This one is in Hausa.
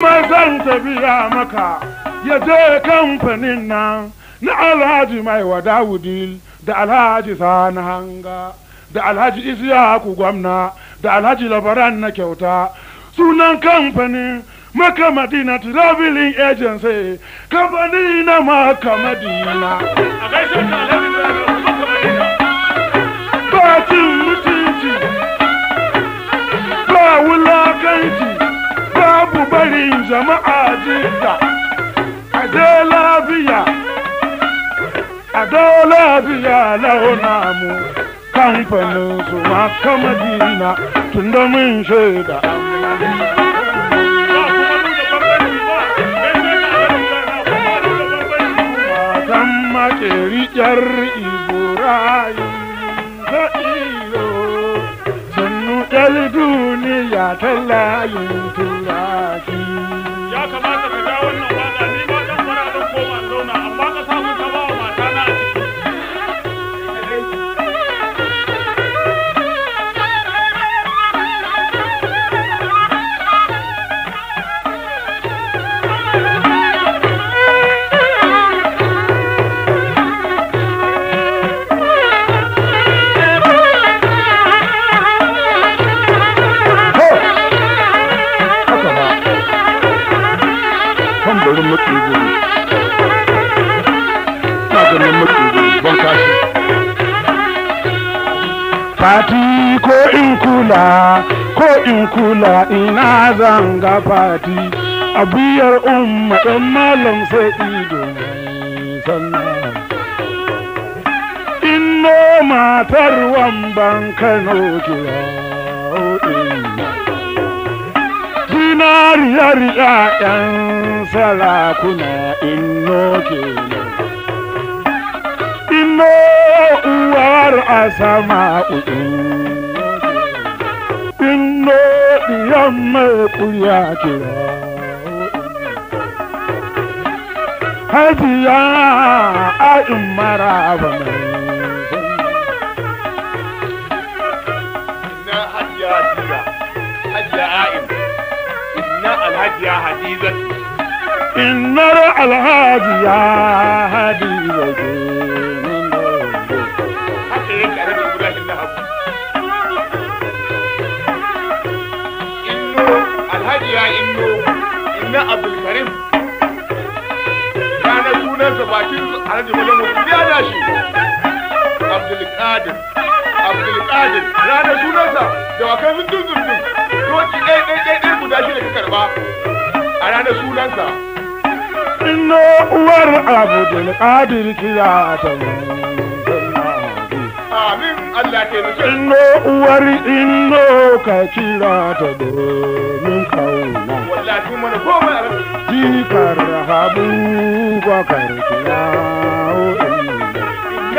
kuma zan tafiya maka ya je kamfanin nan na alhaji mai dawudi da alhaji sani hanga da alhaji isiyaku gwamna da alhaji labaran na kyauta sunan kamfanin maka madina traveling agency kamfani na maka jama'a jinja a je lafiya launa mu kamfanin su ma kamadina tun da mun shaida Matan makeri yar Ibrahim da iro, sannu duniya ta layin nan na ban kashi fati ko in kula ko in kula ina zanga fati abiyar umma dan malam sai ido sannan inno matar wamban kano kira Tallar ‘ya'yan sarakuna inno kenan. Inno uwar a sama Inno diyan mai kuya kira. Hajiya a in mara mai. Hajiya Hajiya Hajiya hajiya hadiza innar alhajiya hadiza ke haka ya karabi na haku inno alhajiya inna abdulkarim alhaji ya na shi abdulkadir abdulkadir ranar sunansa da wakan zundun zundun doki ɗai ɗai ɗai guda ka karba a ranar sunansa inno uwar abdul qadir kira ta Allah ke inno uwar inno ka kira ta domin kauna wallahi mana komai a jikar habu ko kira